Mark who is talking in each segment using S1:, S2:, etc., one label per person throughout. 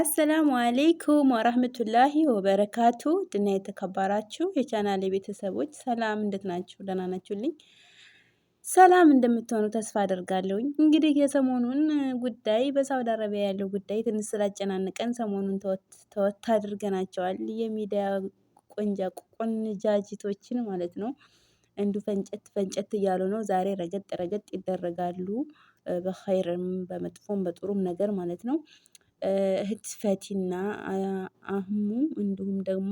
S1: አሰላሙ አሌይኩም ወረህመቱላሂ ወበረካቱ ድና የተከባራችሁ የቻናሌ ቤተሰቦች ሰላም፣ እንዴት ናችሁ? ደህና ናችሁልኝ? ሰላም እንደምትሆኑ ተስፋ አደርጋለሁኝ። እንግዲህ የሰሞኑን ጉዳይ በሳውዲ አረቢያ ያለው ጉዳይ ትንሽ ስላጨናነቀን ሰሞኑን ተወት አድርገናቸዋል። የሚዲያ ቆንጃ ቆንጃጅቶችን ማለት ነው። እንዱ ፈንጨት ፈንጨት እያሉ ነው። ዛሬ ረገጥ ረገጥ ይደረጋሉ። በኸይርም በመጥፎም በጥሩም ነገር ማለት ነው። እህት ፈቲና አህሙ እንዲሁም ደግሞ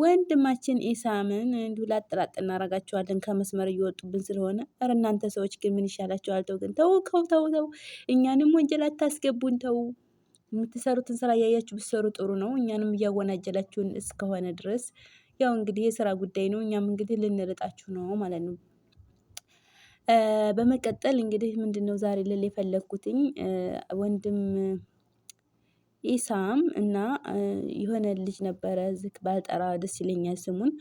S1: ወንድማችን ኢሳምን እንዲሁ ላጥላጥ እናረጋቸዋለን። ከመስመር እየወጡብን ስለሆነ እረ እናንተ ሰዎች ግን ምን ይሻላቸዋል? ተው ግን ተው ከው ተው ተው እኛንም ወንጀል አታስገቡን ተው። የምትሰሩትን ስራ እያያችሁ ብትሰሩ ጥሩ ነው። እኛንም እያወናጀላችሁን እስከሆነ ድረስ ያው እንግዲህ የስራ ጉዳይ ነው። እኛም እንግዲህ ልንርጣችሁ ነው ማለት ነው። በመቀጠል እንግዲህ ምንድን ነው ዛሬ ልል የፈለግኩትኝ ወንድም ኢሳም እና የሆነ ልጅ ነበረ ዝክ ባልጠራ ደስ ይለኛል ስሙን።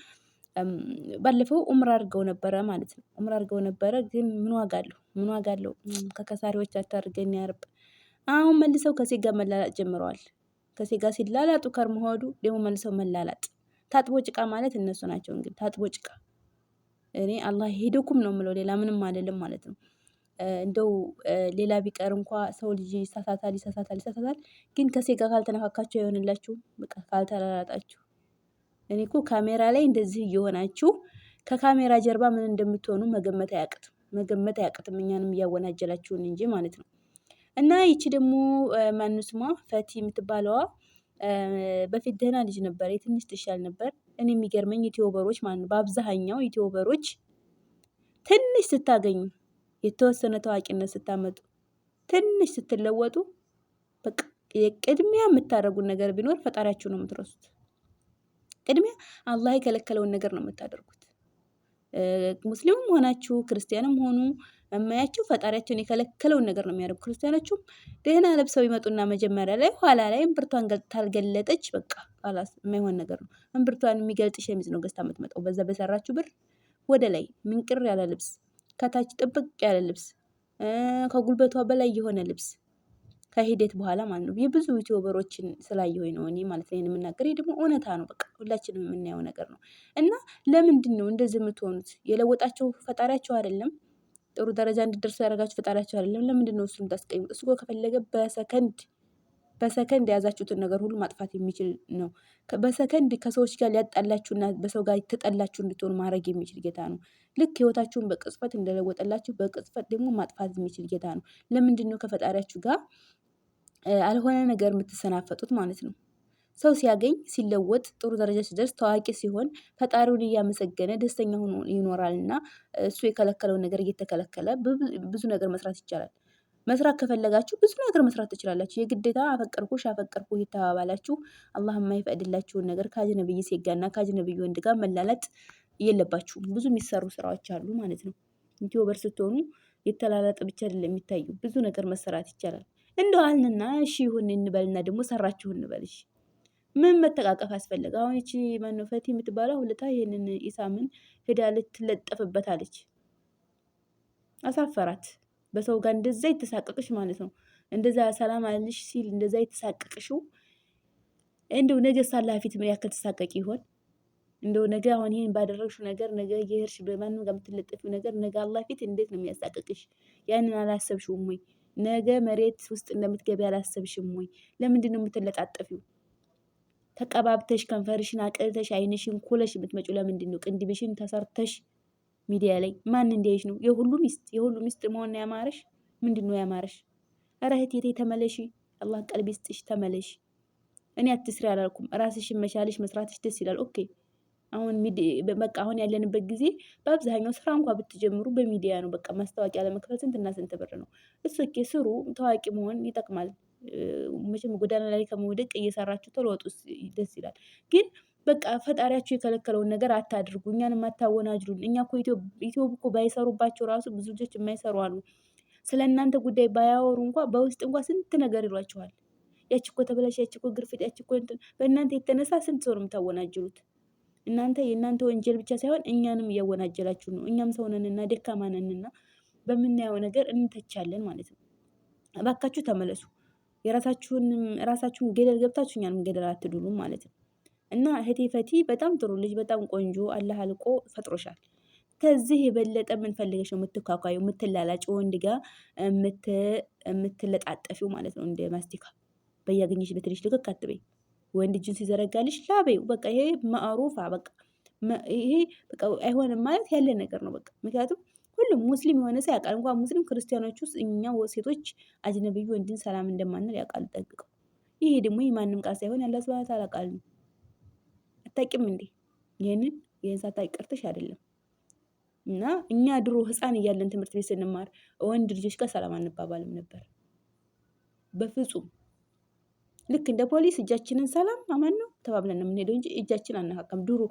S1: ባለፈው ኡምራ አድርገው ነበረ ማለት ነው። ኡምራ አድርገው ነበረ ግን ምን ዋጋ አለው? ምን ዋጋ አለው? ከከሳሪዎች አታድርገን ያርብ። አሁን መልሰው ከሴ ጋር መላላጥ ጀምረዋል። ከሴ ጋር ሲላላጡ ከርመሆዱ ደግሞ መልሰው መላላጥ። ታጥቦ ጭቃ ማለት እነሱ ናቸው እንግዲህ ታጥቦ ጭቃ። እኔ አላህ ሄደኩም ነው የምለው ሌላ ምንም አይደለም ማለት ነው። እንደው ሌላ ቢቀር እንኳ ሰው ልጅ ይሳሳታል ይሳሳታል ይሳሳታል። ግን ከሴ ጋር ካልተነካካችሁ አይሆንላችሁም በቃ ካልተራራጣችሁ። እኔ እኮ ካሜራ ላይ እንደዚህ እየሆናችሁ ከካሜራ ጀርባ ምን እንደምትሆኑ መገመት አያቅትም መገመት አያቅትም እኛንም እያወናጀላችሁን እንጂ ማለት ነው። እና ይቺ ደግሞ ማነው ስሟ ፈቲ የምትባለዋ? በፊት ደህና ልጅ ነበር ትንሽ ትሻል ነበር። እኔ የሚገርመኝ ዩቲዩበሮች ማለት ነው በአብዛኛው ዩቲዩበሮች ትንሽ ስታገኙ የተወሰነ ታዋቂነት ስታመጡ ትንሽ ስትለወጡ የቅድሚያ ቅድሚያ የምታደርጉት ነገር ቢኖር ፈጣሪያችሁ ነው የምትረሱት። ቅድሚያ አላህ የከለከለውን ነገር ነው የምታደርጉት። ሙስሊምም ሆናችሁ ክርስቲያንም ሆኑ የማያችሁ ፈጣሪያቸውን የከለከለውን ነገር ነው የሚያደርጉ። ክርስቲያኖቹም ደህና ለብሰው ይመጡና መጀመሪያ ላይ ኋላ ላይ እምብርቷን ታልገለጠች በቃ ላስ የማይሆን ነገር ነው። እምብርቷን የሚገልጥ ሸሚዝ ነው ገዝታ የምትመጣው በዛ በሰራችሁ ብር ወደ ላይ ምንቅር ያለ ልብስ ከታች ጥብቅ ያለ ልብስ ከጉልበቷ በላይ የሆነ ልብስ ከሂደት በኋላ ማለት ነው። የብዙ ዩቲዩበሮችን ስላየሁኝ ነው እኔ ማለት ነው የምናገር። ደግሞ እውነታ ነው። በቃ ሁላችንም የምናየው ነገር ነው። እና ለምንድን ነው እንደዚህ የምትሆኑት? የለወጣቸው ፈጣሪያቸው አይደለም? ጥሩ ደረጃ እንድትደርሱ ያደረጋቸው ፈጣሪያቸው አይደለም? ለምንድን ነው እሱ የምታስቀይሙት? እሱ ከፈለገ በሰከንድ በሰከንድ የያዛችሁትን ነገር ሁሉ ማጥፋት የሚችል ነው። በሰከንድ ከሰዎች ጋር ሊያጣላችሁና በሰው ጋር ተጠላችሁ እንድትሆኑ ማድረግ የሚችል ጌታ ነው። ልክ ህይወታችሁን በቅጽበት እንደለወጠላችሁ በቅጽበት ደግሞ ማጥፋት የሚችል ጌታ ነው። ለምንድነው ከፈጣሪያችሁ ጋር አልሆነ ነገር የምትሰናፈጡት ማለት ነው? ሰው ሲያገኝ ሲለወጥ ጥሩ ደረጃ ሲደርስ ታዋቂ ሲሆን ፈጣሪውን እያመሰገነ ደስተኛ ሆኖ ይኖራል እና እሱ የከለከለውን ነገር እየተከለከለ ብዙ ነገር መስራት ይቻላል መስራት ከፈለጋችሁ ብዙ ነገር መስራት ትችላላችሁ። የግዴታ አፈቀርኩሽ አፈቀርኩ እየተባባላችሁ አላህ የማይፈቅድላችሁን ነገር ከአጅነብይ ሴት ጋር እና ከአጅነብይ ወንድ ጋር መላላጥ የለባችሁም። ብዙ የሚሰሩ ስራዎች አሉ ማለት ነው። ዩቲዩበር ስትሆኑ የተላላጥ ብቻ አይደለም የሚታዩ ብዙ ነገር መሰራት ይቻላል። እንደው አልንና እሺ ይሁን እንበልና ደግሞ ሰራችሁ እሺ ምን መተቃቀፍ አስፈለገ? አሁን ይቺ ማነው የምትባለው ሁለታ ይህንን ኢሳምን ሄዳ ልትለጠፍበት አለች። አሳፈራት። በሰው ጋር እንደዛ የተሳቀቅሽ ማለት ነው። እንደዛ ሰላም አልሽ ሲል እንደዛ የተሳቀቅሽው እንደው ነገ ሳላ ምን ያክል ተሳቀቂ ይሆን? እንደው ነገ አሁን ይሄን ባደረግሽው ነገር ነገ የሄድሽ በማንም ጋር የምትለጠፊው ነገር ነገ አላፊት እንዴት ነው የሚያሳቅቅሽ? ያንን አላሰብሽውም ወይ? ነገ መሬት ውስጥ እንደምትገቢ አላሰብሽም ወይ? ለምንድን ነው የምትለጣጠፊው? ተቀባብተሽ ከንፈርሽን አቅልተሽ አይንሽን ኩለሽ የምትመጪው ለምንድን ነው? ቅንድብሽን ተሰርተሽ ሚዲያ ላይ ማን እንዲያይሽ ነው? የሁሉ ሚስት የሁሉ ሚስት መሆን ያማረሽ ምንድን ነው ያማረሽ? ኧረ እህቴ ተመለሺ፣ አላህ ቀልብ ይስጥሽ፣ ተመለሺ። እኔ አትስሪ አላልኩም። ራስሽን መቻልሽ መስራትሽ ደስ ይላል። ኦኬ አሁን በቃ አሁን ያለንበት ጊዜ በአብዛኛው ስራ እንኳ ብትጀምሩ በሚዲያ ነው። በቃ ማስታወቂያ ለመክፈል ስንትና ስንት ብር ነው? እሱ ኦኬ ስሩ። ታዋቂ መሆን ይጠቅማል። መቼም ጎዳና ላይ ከመውደቅ እየሰራችሁ ተለወጡ፣ ደስ ይላል ግን በቃ ፈጣሪያቸው የከለከለውን ነገር አታድርጉ፣ እኛን አታወናጅሉን። እኛ እኮ ኢትዮብ እኮ ባይሰሩባቸው ራሱ ብዙ ልጆች የማይሰሩ አሉ። ስለ እናንተ ጉዳይ ባያወሩ እንኳ በውስጥ እንኳ ስንት ነገር ይሏቸዋል። ያችኮ እኮ ተበላሽ፣ ያችኮ እኮ ግርፍት፣ ያቺ እኮ በእናንተ የተነሳ ስንት ሰው ነው የምታወናጅሉት? እናንተ የእናንተ ወንጀል ብቻ ሳይሆን እኛንም እያወናጀላችሁ ነው። እኛም ሰው ነንና ደካማ ነንና በምናየው ነገር እንተቻለን ማለት ነው። እባካችሁ ተመለሱ። የራሳችሁን ራሳችሁን ገደል ገብታችሁ እኛንም ገደል አትዱሉም ማለት ነው። እና እህቴ ፈቲ በጣም ጥሩ ልጅ፣ በጣም ቆንጆ አላህ አልቆ ፈጥሮሻል። ከዚህ የበለጠ ምን ፈልገሽ ነው የምትኳኳዩ፣ የምትላላጭ ወንድ ጋር የምትለጣጠፊው ማለት ነው። እንደ ማስቲካ በያገኘሽ በትንሽ ልክክ አትበይ። ወንድ እጁን ሲዘረጋልሽ ላበይው። በቃ ይሄ ማዕሩፋ በቃ ይሄ በቃ አይሆንም ማለት ያለ ነገር ነው። በቃ ምክንያቱም ሁሉም ሙስሊም የሆነ ሰው ያውቃል። እንኳን ሙስሊም ክርስቲያኖች ውስጥ እኛ ሴቶች አጅነብዩ ወንድን ሰላም እንደማንል ያውቃል ጠብቀው። ይሄ ደግሞ የማንም ቃል ሳይሆን ያለ ስብሀት አላቃል ነው። አታውቂም እንዴ? ይህንን ይህን ሳታውቂ ቀርተሽ አይደለም። እና እኛ ድሮ ህፃን እያለን ትምህርት ቤት ስንማር ወንድ ልጆች ጋር ሰላም አንባባልም ነበር በፍጹም። ልክ እንደ ፖሊስ እጃችንን ሰላም አማን ነው ተባብለን የምንሄደው እንጂ እጃችን አናካካም። ድሮ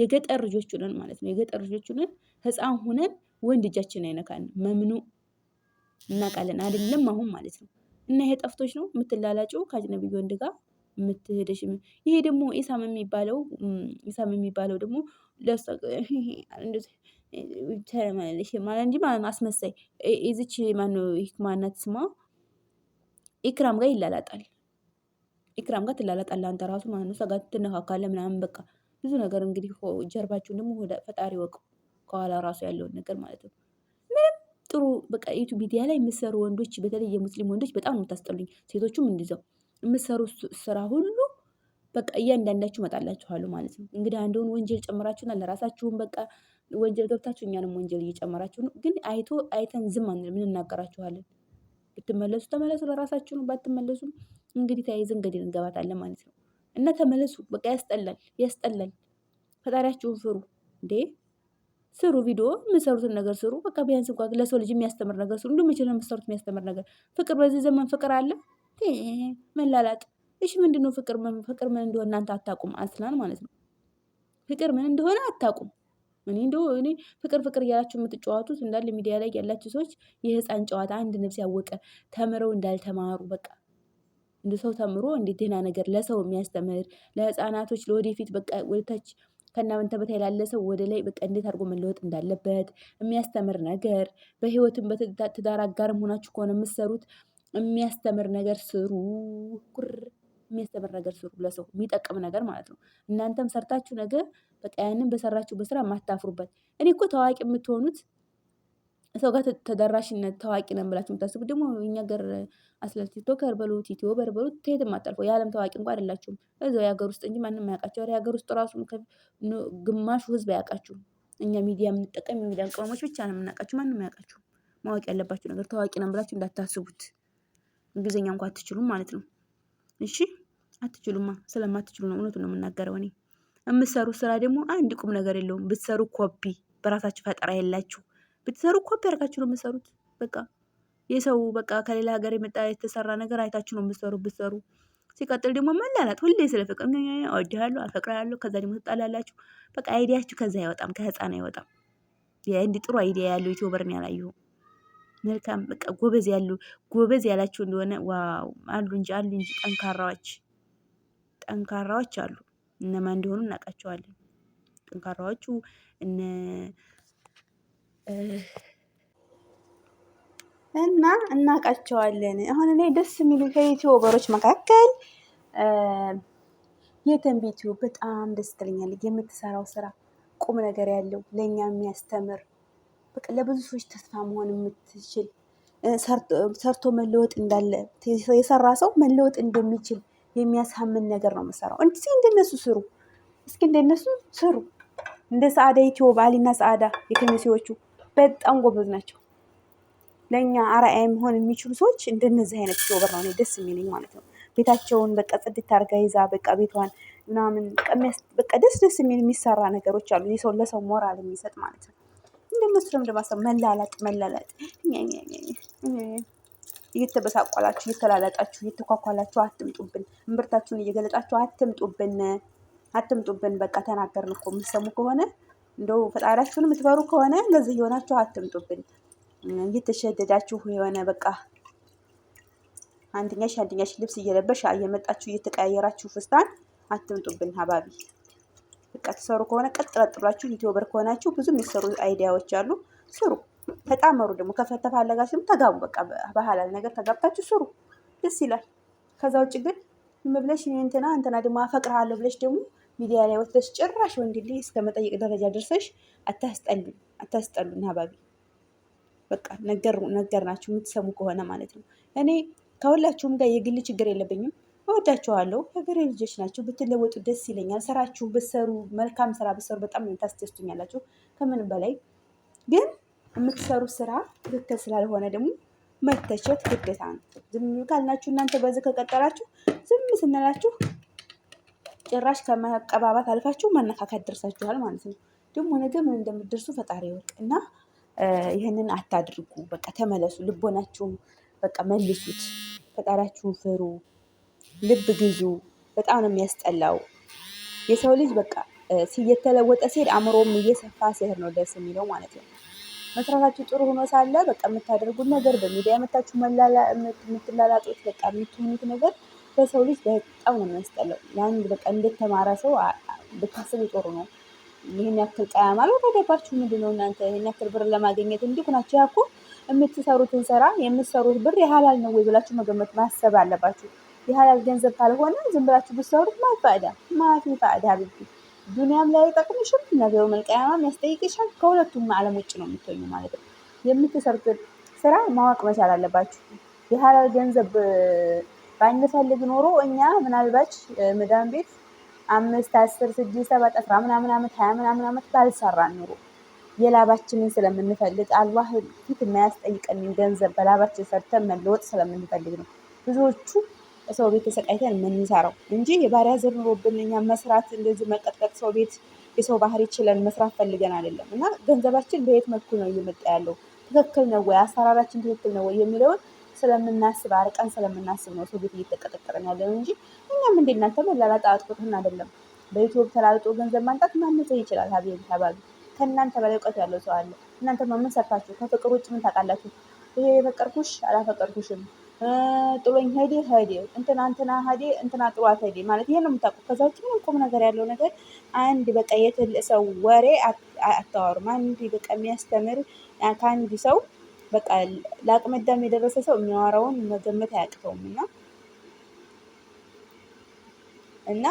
S1: የገጠር ልጆች ሁነን ማለት ነው። የገጠር ልጆች ሁነን ህፃን ሁነን ወንድ እጃችን አይነካን መምኑ እናውቃለን። አይደለም አሁን ማለት ነው። እና ይሄ ጠፍቶች ነው የምትላላጩ ከአጅነቢ ወንድ ጋር የምትሄደሽ ይሄ ደግሞ ኢሳም የሚባለው ኢሳም የሚባለው ደግሞ ለሷ እንደዚህ ማለት እንጂ ማለት ነው አስመሳይ እዚች ማነው ህክማነት ስማ ኢክራም ጋር ይላላጣል ኢክራም ጋር ትላላጣል። አንተ ራሱ ማለት ነው እሷ ትነካካለ ምናምን በቃ ብዙ ነገር እንግዲህ ጀርባችሁን ደግሞ ወደ ፈጣሪ ወቅ ከኋላ ራሱ ያለውን ነገር ማለት ነው ምንም ጥሩ በቃ ዩቱብ ሚዲያ ላይ የምትሰሩ ወንዶች በተለይ የሙስሊም ወንዶች በጣም ነው የምታስጠሉኝ ሴቶቹም እንዲዘው የምትሰሩት ስራ ሁሉ በቃ እያንዳንዳችሁ መጣላችኋሉ ማለት ነው። እንግዲህ አንዱን ወንጀል ጨምራችሁና ለራሳችሁም በቃ ወንጀል ገብታችሁ እኛንም ወንጀል እየጨመራችሁ ነው። ግን አይቶ አይተን ዝም ምን እናገራችኋለን? ብትመለሱ ተመለሱ፣ ለራሳችሁ ነው። ባትመለሱም እንግዲህ ተያይዘን ገደል እንገባታለን ማለት ነው። እና ተመለሱ። በቃ ያስጠላል፣ ያስጠላል። ፈጣሪያችሁን ፍሩ እንዴ ስሩ ቪዲዮ የምሰሩትን ነገር ስሩ። በቃ ቢያንስ እንኳ ለሰው ልጅ የሚያስተምር ነገር ስሩ። እንዲሁም የምሰሩት የሚያስተምር ነገር? ፍቅር በዚህ ዘመን ፍቅር አለ? መላላጥ። እሺ ምንድን ነው ፍቅር? ፍቅር ምን እንደሆነ እናንተ አታውቁም። አስላን ማለት ነው ፍቅር ምን እንደሆነ አታውቁም። እኔ እንደው እኔ ፍቅር ፍቅር እያላችሁ የምትጫወቱት እንዳለ ሚዲያ ላይ ያላችሁ ሰዎች የህፃን ጨዋታ አንድ ነፍስ ያወቀ ተምረው እንዳልተማሩ በቃ እንደ ሰው ተምሮ እንዴት ደህና ነገር ለሰው የሚያስተምር ለህፃናቶች ለወደፊት በቃ ወደታች ከእናንተ በታይ ላለ ሰው ወደ ላይ በቃ እንዴት አድርጎ መለወጥ እንዳለበት የሚያስተምር ነገር በህይወትም በትዳር አጋርም ሆናችሁ ከሆነ የምትሰሩት የሚያስተምር ነገር ስሩ። ኩር የሚያስተምር ነገር ስሩ፣ ለሰው የሚጠቅም ነገር ማለት ነው። እናንተም ሰርታችሁ ነገ በቃ ያንን በሰራችሁ በስራ የማታፍሩበት። እኔ እኮ ታዋቂ የምትሆኑት ሰው ጋር ተደራሽነት ታዋቂ ነን ብላችሁ የምታስቡት ደግሞ እኛ ገር አስለ ቲክቶከር በሉት ዩቲዩበር በሉት ከየትም አታልፈው። የዓለም ታዋቂ እንኳ አይደላችሁም። እዛው የሀገር ውስጥ እንጂ ማንም አያውቃችሁ። የሀገር ውስጥ ራሱ ግማሹ ህዝብ አያውቃችሁም። እኛ ሚዲያ የምንጠቀም የሚዲያ ቅመሞች ብቻ ነው የምናውቃችሁ። ማንም አያውቃችሁም። ማወቅ ያለባችሁ ነገር ታዋቂ ነን ብላችሁ እንዳታስቡት። እንግሊዝኛ እንኳ አትችሉም ማለት ነው። እሺ አትችሉማ። ስለማትችሉ ነው፣ እውነቱን ነው የምናገረው። እኔ የምትሰሩ ስራ ደግሞ አንድ ቁም ነገር የለውም። ብትሰሩ ኮፒ፣ በራሳችሁ ፈጠራ የላችሁ ብትሰሩ ኮፒ አድርጋችሁ ነው የምትሰሩት። በቃ የሰው በቃ ከሌላ ሀገር የመጣ የተሰራ ነገር አይታችሁ ነው የምትሰሩ ብትሰሩ። ሲቀጥል ደግሞ መላላት ሁሌ ስለ ፍቅር እወድሃለሁ፣ አፈቅርሃለሁ፣ ከዛ ደግሞ ትጣላላችሁ። በቃ አይዲያችሁ ከዛ አይወጣም፣ ከህፃን አይወጣም። እንዲህ ጥሩ አይዲያ ያለው ኢትዮበርን ያላየሁ መልካም በቃ ጎበዝ ያሉ ጎበዝ ያላቸው እንደሆነ ዋው አሉ እንጂ አሉ እንጂ ጠንካራዎች ጠንካራዎች አሉ። እነማን እንደሆኑ እናውቃቸዋለን። ጠንካራዎቹ እነ እና እናውቃቸዋለን። አሁን እኔ ደስ የሚሉ ከዩቲዩበሮች መካከል የተንቤ በጣም ደስ ትለኛለች። የምትሰራው ስራ ቁም ነገር ያለው ለእኛ የሚያስተምር በቃ ለብዙ ሰዎች ተስፋ መሆን የምትችል ሰርቶ መለወጥ እንዳለ የሰራ ሰው መለወጥ እንደሚችል የሚያሳምን ነገር ነው የምሰራው። እንዲ እንደነሱ ስሩ፣ እስኪ እንደነሱ ስሩ። እንደ ሰአዳ ኢትዮ ባሊና ሰአዳ የከሚሴዎቹ በጣም ጎበዝ ናቸው። ለእኛ አርአያ መሆን የሚችሉ ሰዎች እንደነዚህ አይነት ዮበር ነው ደስ የሚለኝ ማለት ነው። ቤታቸውን በቃ ጽድት አድርጋ ይዛ በቃ ቤቷን ምናምን በቃ ደስ ደስ የሚል የሚሰራ ነገሮች አሉ። የሰው ለሰው ሞራል የሚሰጥ ማለት ነው። እንደነሱ ለምደባሰብ መላላጥ መላላጥ እየተበሳቋላችሁ እየተላላጣችሁ እየተኳኳላችሁ አትምጡብን። እምብርታችሁን እየገለጣችሁ አትምጡብን፣ አትምጡብን። በቃ ተናገርን እኮ የምትሰሙ ከሆነ እንደው ፈጣሪያችሁን የምትፈሩ ከሆነ እንደዚህ የሆናችሁ አትምጡብን። እየተሸደዳችሁ የሆነ በቃ አንድኛሽ አንድኛሽ ልብስ እየለበሽ እየመጣችሁ እየተቀያየራችሁ ፍስታን አትምጡብን ሀባቢ በቃ ትሰሩ ከሆነ ቀጥ ለጥ ብላችሁ ዩቲዩበር ከሆናችሁ ብዙ የሚሰሩ አይዲያዎች አሉ። ስሩ፣ ተጣመሩ። ደግሞ ከተፋለጋችሁ ተጋቡ። በቃ በሀላል ነገር ተጋብታችሁ ስሩ፣ ደስ ይላል። ከዛ ውጭ ግን ዝም ብለሽ እንትና እንትና ደግሞ አፈቅርሃለሁ ብለሽ ደግሞ ሚዲያ ላይ ወጥተሽ ጭራሽ ወንድ ልጅ እስከ መጠየቅ ደረጃ ደርሰሽ አታስጠሉን፣ አታስጠሉ፣ ሀባቢ። በቃ ነገር ነገር የምትሰሙ ከሆነ ማለት ነው። እኔ ከሁላችሁም ጋር የግል ችግር የለብኝም። እወዳችኋለሁ። ሀገሬ ልጆች ናቸው። ብትለወጡ ደስ ይለኛል። ስራችሁ ብሰሩ፣ መልካም ስራ ብሰሩ በጣም ታስደስቱኛላችሁ። ከምንም በላይ ግን የምትሰሩት ስራ ትክክል ስላልሆነ ደግሞ መተቸት ግዴታ ነው። ዝም ካልናችሁ እናንተ በዚህ ከቀጠላችሁ ዝም ስንላችሁ ጭራሽ ከመቀባባት አልፋችሁ ማነካከት ደርሳችኋል ማለት ነው። ደግሞ ነገ ምን እንደምትደርሱ ፈጣሪ ይወቅ እና ይህንን አታድርጉ። በቃ ተመለሱ። ልቦናችሁ በቃ መልሱት። ፈጣሪያችሁን ፍሩ። ልብ ግዢ በጣም ነው የሚያስጠላው። የሰው ልጅ በቃ እየተለወጠ ሲሄድ አእምሮም እየሰፋ ሲሄድ ነው ደስ የሚለው ማለት ነው። መስራታችሁ ጥሩ ሆኖ ሳለ በቃ የምታደርጉት ነገር በሚዲያ የመታችሁ የምትላላጡት በቃ የምትሆኑት ነገር በሰው ልጅ በጣም ነው የሚያስጠላው። ያን በቃ እንደተማረ ሰው ብታስቡ ጥሩ ነው። ይህን ያክል ቀያ ማለት ተደባችሁ ምንድን ነው እናንተ ይህን ያክል ብር ለማግኘት እንዲሁ ናቸው ያኩ የምትሰሩትን ስራ የምትሰሩት ብር የሀላል ነው ወይ ብላችሁ መገመት ማሰብ አለባችሁ። የሀላል ገንዘብ ካልሆነ ዝም ብላችሁ ብትሰሩት ማፋዳ ማፊ ፋዳ ሀቢብቲ ዱኒያም ላይ ይጠቅምሽም ነገሩ መልቀያማም ያስጠይቅሻል። ከሁለቱም ዓለም ውጭ ነው የምትሆኙ ማለት ነው። የምትሰሩትን ስራ ማወቅ መቻል አለባችሁ። የሀላል ገንዘብ ባንፈልግ ኖሮ እኛ ምናልባች ምዳን ቤት አምስት አስር ስድስት ሰባት አስራ ምናምን ዓመት ሀያ ምናምን ዓመት ባልሰራን ኑሮ የላባችንን ስለምንፈልግ አላህ ፊት የማያስጠይቀንን ገንዘብ በላባችን ሰርተን መለወጥ ስለምንፈልግ ነው ብዙዎቹ ሰው ቤት ተሰቃይተን የምንሰራው እንጂ የባሪያ ዘር ኑሮብን እኛ መስራት እንደዚህ መቀጥቀጥ ሰው ቤት የሰው ባህሪ ችለን መስራት ፈልገን አይደለም። እና ገንዘባችን በየት መልኩ ነው እየመጣ ያለው ትክክል ነው ወይ አሰራራችን ትክክል ነው ወይ የሚለውን ስለምናስብ አርቀን ስለምናስብ ነው ሰው ቤት እየተቀጠቀጠን ያለን እንጂ እኛም እንደ እናንተ መላላጣ አጥቆትን አይደለም። በዩቲዩብ ተላልጦ ገንዘብ ማንጣት ማንም ይችላል። ሀቢብ ተባሉ ከእናንተ በላይ እውቀት ያለው ሰው አለ። እናንተ ምን ሰርታችሁ ከፍቅር ውጭ ምን ታውቃላችሁ? ይሄ የፈቀርኩሽ አላፈቀርኩሽም ጥሎኝ ሄዴ ሄዴ እንትና እንትና ሄዴ እንትና ጥሏት ሄዴ ማለት ይሄን ነው የምታውቁት። ከዛ ውጭ ምንም ቁም ነገር ያለው ነገር አንድ በቃ የትልቅ ሰው ወሬ አታወሩም። አንድ በቃ የሚያስተምር ከአንድ ሰው በቃ ለአቅመ አዳም የደረሰ ሰው የሚያወራውን መገመት አያቅተውም እና እና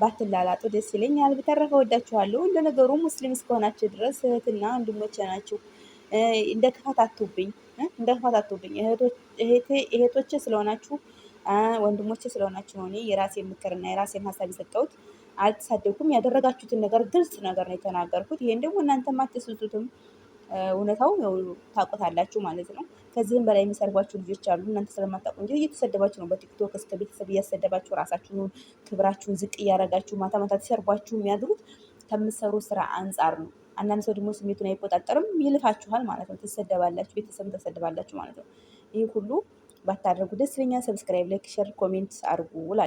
S1: ባትላላጡ ደስ ይለኛል። በተረፈ ወዳችኋለሁ። እንደ ነገሩ ሙስሊም እስከሆናችሁ ድረስ እህትና ወንድሞቼ ናችሁ። እንደ ክፋት አትሁብኝ። እንዳትፋታቱብኝ እህቶቼ ስለሆናችሁ ወንድሞቼ ስለሆናችሁ ነው እኔ የራሴን ምክርና የራሴን ሀሳብ የሰጠሁት። አልተሳደብኩም። ያደረጋችሁትን ነገር ግልጽ ነገር ነው የተናገርኩት። ይሄን ደግሞ እናንተም አትስቱትም፣ እውነታው ታውቁታላችሁ ማለት ነው። ከዚህም በላይ የሚሰርጓችሁ ልጆች አሉ። እናንተ ስለማታውቁ እንጂ እየተሰደባችሁ ነው በቲክቶክ እስከ ቤተሰብ እያሰደባችሁ ራሳችሁን ክብራችሁን ዝቅ እያደረጋችሁ ማታ ማታ ተሰርቧችሁ የሚያድሩት ከምትሰሩ ስራ አንጻር ነው። አንዳንድ ሰው ደግሞ ስሜቱን አይቆጣጠርም፣ ይልፋችኋል ማለት ነው። ትሰደባላችሁ፣ ቤተሰብ ተሰድባላችሁ ማለት ነው። ይህ ሁሉ ባታደርጉ ደስ ይለኛል። ሰብስክራይብ፣ ላይክ፣ ሸር፣ ኮሜንት አድርጉ።